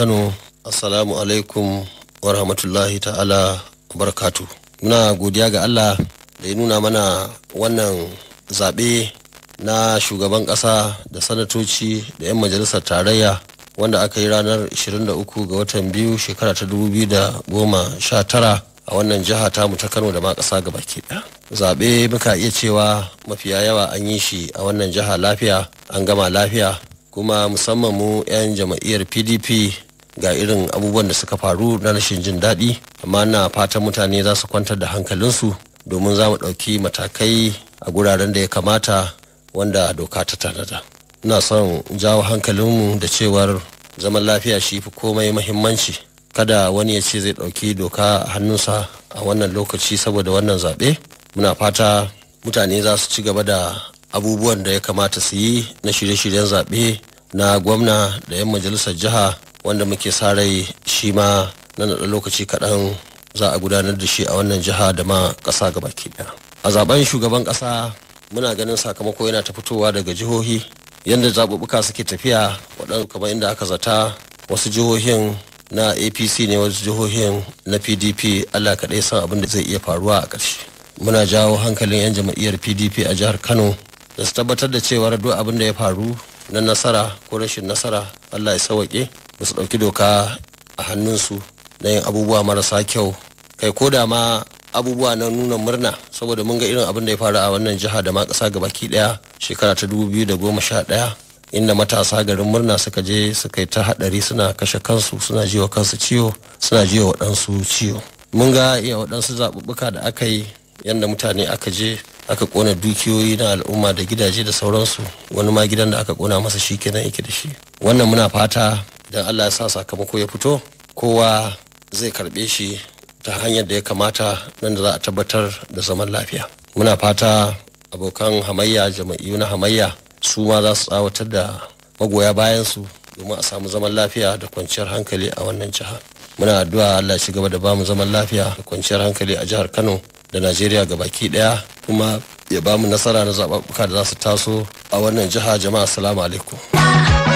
kano assalamu alaikum wa rahmatullahi ta'ala barkatu muna godiya ga allah da ya nuna mana wannan zaɓe na shugaban ƙasa da sanatoci da 'yan majalisar tarayya wanda aka yi ranar 23 ga watan biyu shekara ta 2019 a wannan jiha ta mu ta kano da ma ƙasa gaba ke zaɓe muka iya cewa mafiya yawa an yi shi a wannan jiha lafiya an gama lafiya kuma musamman mu 'yan jama'iyyar pdp ga irin abubuwan da suka faru na rashin jin daɗi amma na fatan mutane za su kwantar da hankalinsu domin za mu ɗauki matakai a guraren da ya kamata wanda doka ta tanada ina son jawo hankalinmu da cewar zaman lafiya shi fi komai mahimmanci kada wani ya ce zai ɗauki doka a hannunsa a wannan lokaci saboda wannan zaɓe muna fata mutane za su ci gaba da abubuwan da ya kamata su yi na shirye-shiryen zaɓe na gwamna da 'yan majalisar jiha wanda muke sa rai shi ma nan da lokaci kaɗan za a gudanar da shi a wannan jiha da ma ƙasa gaba ke ɗaya a zaben shugaban ƙasa muna ganin sakamako yana ta fitowa daga jihohi yadda zaɓuɓɓuka suke tafiya waɗanda kamar inda aka zata wasu jihohin na apc ne wasu jihohin na pdp allah kaɗai san abin da zai iya faruwa a ƙarshe muna jawo hankalin 'yan jam'iyyar pdp a jihar kano da su tabbatar da cewar duk abin da ya faru na nasara ko rashin nasara allah ya sawaƙe da su ɗauki doka a hannunsu na yin abubuwa marasa kyau kai ko da ma abubuwa na nuna murna saboda mun ga irin abin da ya faru a wannan jiha da ma ƙasa ki ɗaya shekara ta dubu biyu da goma sha ɗaya inda matasa garin murna suka je suka yi ta haɗari suna kashe kansu suna jiwa kansu ciwo suna jiwa waɗansu ciwo mun ga iya waɗansu zaɓuɓɓuka da aka yi yadda mutane aka je aka kona dukiyoyi na al'umma da gidaje da sauransu wani ma gidan da aka kona masa shi kenan yake da shi wannan muna fata idan allah ya sa sakamako ya fito kowa zai karbe shi ta hanyar da ya kamata nan da za a tabbatar da zaman lafiya muna fata abokan hamayya jama'iyu na hamayya su ma za su tsawatar da magoya bayan su domin a samu zaman lafiya da kwanciyar hankali a wannan jiha muna addu'a allah ya gaba da bamu zaman lafiya da kwanciyar hankali a jihar kano da najeriya ga baki daya kuma ya bamu nasara na zaɓaɓɓuka da za su taso a wannan jiha jama'a assalamu alaikum